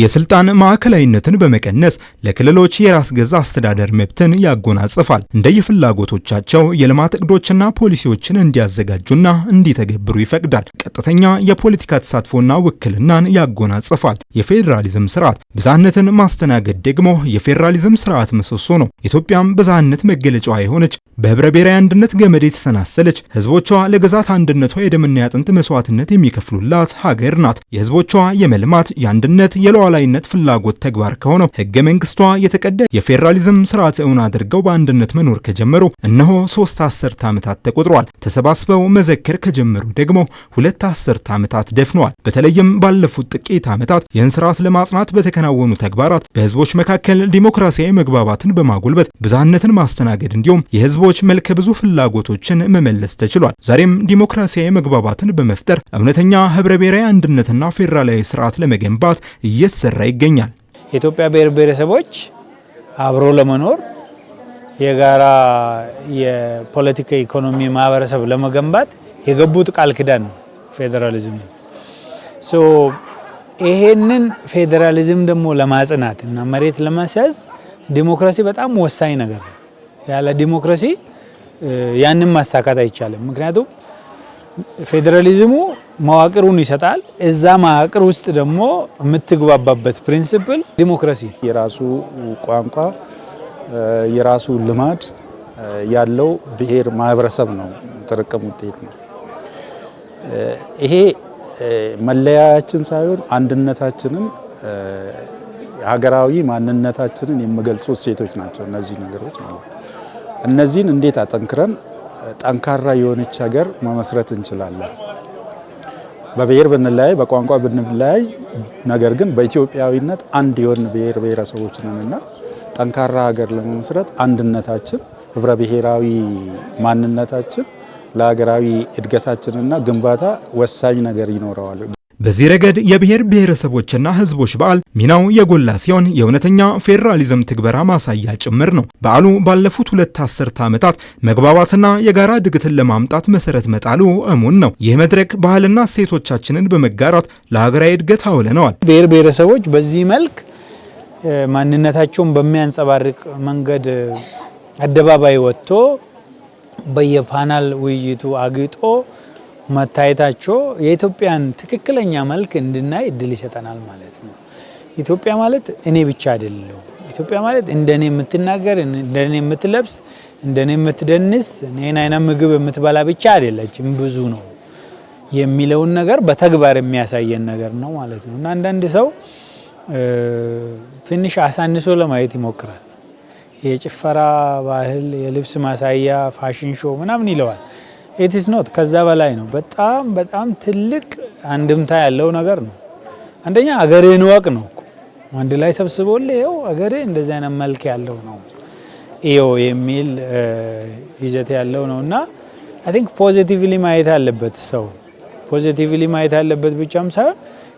የስልጣን ማዕከላዊነትን በመቀነስ ለክልሎች የራስ ገዛ አስተዳደር መብትን ያጎናጽፋል። እንደየፍላጎቶቻቸው የልማት እቅዶችና ፖሊሲዎችን እንዲያዘጋጁና እንዲተገብሩ ይፈቅዳል። ቀጥተኛ የፖለቲካ ተሳትፎና ውክልናን ያጎናጽፋል። የፌዴራሊዝም ስርዓት ብዝሃነትን ማስተናገድ ደግሞ የፌዴራሊዝም ስርዓት ምሰሶ ነው። ኢትዮጵያም ብዝሃነት መገለጫዋ የሆነች በህብረ ብሔራዊ አንድነት ገመድ የተሰናሰለች ህዝቦቿ ለግዛት አንድነቷ የደምና ያጥንት መስዋዕትነት የሚከፍሉላት ሀገር ናት። የህዝቦቿ የመልማት የአንድነት፣ የሉዓላዊነት ፍላጎት ተግባር ከሆነው ህገ መንግስቷ የተቀዳ የፌዴራሊዝም ስርዓት እውን አድርገው በአንድነት መኖር ከጀመሩ እነሆ ሶስት አስርት ዓመታት ተቆጥሯል። ተሰባስበው መዘከር ከጀመሩ ደግሞ ሁለት አስርት ዓመታት ደፍነዋል። በተለይም ባለፉት ጥቂት ዓመታት ይህን ስርዓት ለማጽናት በተከና የሚከናወኑ ተግባራት በህዝቦች መካከል ዲሞክራሲያዊ መግባባትን በማጎልበት ብዝሃነትን ማስተናገድ እንዲሁም የህዝቦች መልከ ብዙ ፍላጎቶችን መመለስ ተችሏል። ዛሬም ዲሞክራሲያዊ መግባባትን በመፍጠር እውነተኛ ህብረ ብሔራዊ አንድነትና ፌዴራላዊ ስርዓት ለመገንባት እየተሰራ ይገኛል። የኢትዮጵያ ብሔር ብሔረሰቦች አብሮ ለመኖር የጋራ የፖለቲካ ኢኮኖሚ ማህበረሰብ ለመገንባት የገቡት ቃል ኪዳን ነው ፌዴራሊዝም ይሄንን ፌዴራሊዝም ደግሞ ለማጽናት እና መሬት ለማስያዝ ዲሞክራሲ በጣም ወሳኝ ነገር ነው። ያለ ዲሞክራሲ ያንን ማሳካት አይቻልም። ምክንያቱም ፌዴራሊዝሙ መዋቅሩን ይሰጣል። እዛ መዋቅር ውስጥ ደግሞ የምትግባባበት ፕሪንስፕል ዲሞክራሲ የራሱ ቋንቋ፣ የራሱ ልማድ ያለው ብሔር ማህበረሰብ ነው። ጥርቅም ውጤት ነው ይሄ መለያያችን ሳይሆን አንድነታችንን ሀገራዊ ማንነታችንን የሚገልጹ እሴቶች ናቸው እነዚህ ነገሮች ማለት ነው። እነዚህን እንዴት አጠንክረን ጠንካራ የሆነች ሀገር መመስረት እንችላለን? በብሔር ብንለያይ፣ በቋንቋ ብንለያይ፣ ነገር ግን በኢትዮጵያዊነት አንድ የሆን ብሔር ብሔረሰቦች ነንና ጠንካራ ሀገር ለመመስረት አንድነታችን፣ ህብረ ብሔራዊ ማንነታችን ለሀገራዊ እድገታችንና ግንባታ ወሳኝ ነገር ይኖረዋል። በዚህ ረገድ የብሔር ብሔረሰቦችና ሕዝቦች በዓል ሚናው የጎላ ሲሆን የእውነተኛ ፌዴራሊዝም ትግበራ ማሳያ ጭምር ነው። በዓሉ ባለፉት ሁለት አስርተ ዓመታት መግባባትና የጋራ እድገትን ለማምጣት መሰረት መጣሉ እሙን ነው። ይህ መድረክ ባህልና እሴቶቻችንን በመጋራት ለሀገራዊ እድገት አውለነዋል። ብሔር ብሔረሰቦች በዚህ መልክ ማንነታቸውን በሚያንጸባርቅ መንገድ አደባባይ ወጥቶ በየፓናል ውይይቱ አግጦ መታየታቸው የኢትዮጵያን ትክክለኛ መልክ እንድናይ እድል ይሰጠናል ማለት ነው። ኢትዮጵያ ማለት እኔ ብቻ አይደለም። ኢትዮጵያ ማለት እንደኔ የምትናገር፣ እንደኔ የምትለብስ፣ እንደኔ የምትደንስ፣ እኔን አይነት ምግብ የምትበላ ብቻ አይደለችም፣ ብዙ ነው የሚለውን ነገር በተግባር የሚያሳየን ነገር ነው ማለት ነው እና አንዳንድ ሰው ትንሽ አሳንሶ ለማየት ይሞክራል። የጭፈራ ባህል፣ የልብስ ማሳያ፣ ፋሽን ሾው ምናምን ይለዋል። ኢትስ ኖት ከዛ በላይ ነው። በጣም በጣም ትልቅ አንድምታ ያለው ነገር ነው። አንደኛ አገሬን ወቅ ነው አንድ ላይ ሰብስቦል ይኸው አገሬ እንደዚህ አይነት መልክ ያለው ነው ይኸው የሚል ይዘት ያለው ነው እና አይ ቲንክ ፖዚቲቭሊ ማየት አለበት ሰው ፖዚቲቭሊ ማየት አለበት ብቻም ሳይሆን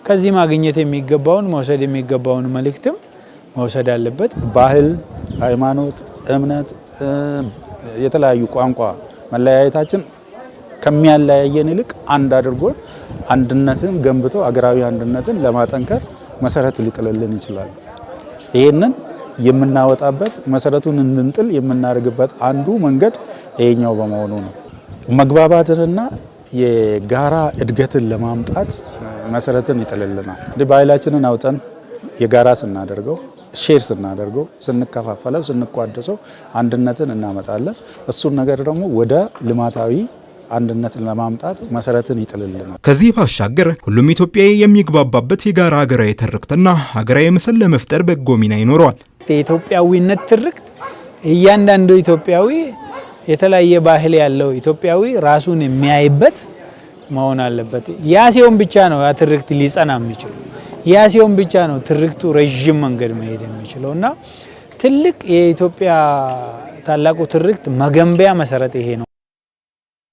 ከዚህ ማግኘት የሚገባውን መውሰድ የሚገባውን መልእክትም መውሰድ አለበት ባህል ሃይማኖት፣ እምነት፣ የተለያዩ ቋንቋ መለያየታችን ከሚያለያየን ይልቅ አንድ አድርጎ አንድነትን ገንብቶ አገራዊ አንድነትን ለማጠንከር መሰረት ሊጥልልን ይችላል። ይህንን የምናወጣበት መሰረቱን እንድንጥል የምናደርግበት አንዱ መንገድ ይሄኛው በመሆኑ ነው። መግባባትንና የጋራ እድገትን ለማምጣት መሰረትን ይጥልልናል። እንዲህ ባህላችንን አውጠን የጋራ ስናደርገው ሼር ስናደርገው፣ ስንከፋፈለው፣ ስንቋደሰው አንድነትን እናመጣለን። እሱን ነገር ደግሞ ወደ ልማታዊ አንድነትን ለማምጣት መሰረትን ይጥልልናል። ከዚህ ባሻገር ሁሉም ኢትዮጵያዊ የሚግባባበት የጋራ ሀገራዊ ትርክትና ሀገራዊ ምስል ለመፍጠር በጎ ሚና ይኖረዋል። የኢትዮጵያዊነት ትርክት እያንዳንዱ ኢትዮጵያዊ የተለያየ ባህል ያለው ኢትዮጵያዊ ራሱን የሚያይበት መሆን አለበት። ያ ሲሆን ብቻ ነው ያ ትርክት ሊጸና የሚችሉ ያ ሲሆን ብቻ ነው ትርክቱ ረዥም መንገድ መሄድ የሚችለው እና ትልቅ የኢትዮጵያ ታላቁ ትርክት መገንቢያ መሰረት ይሄ ነው።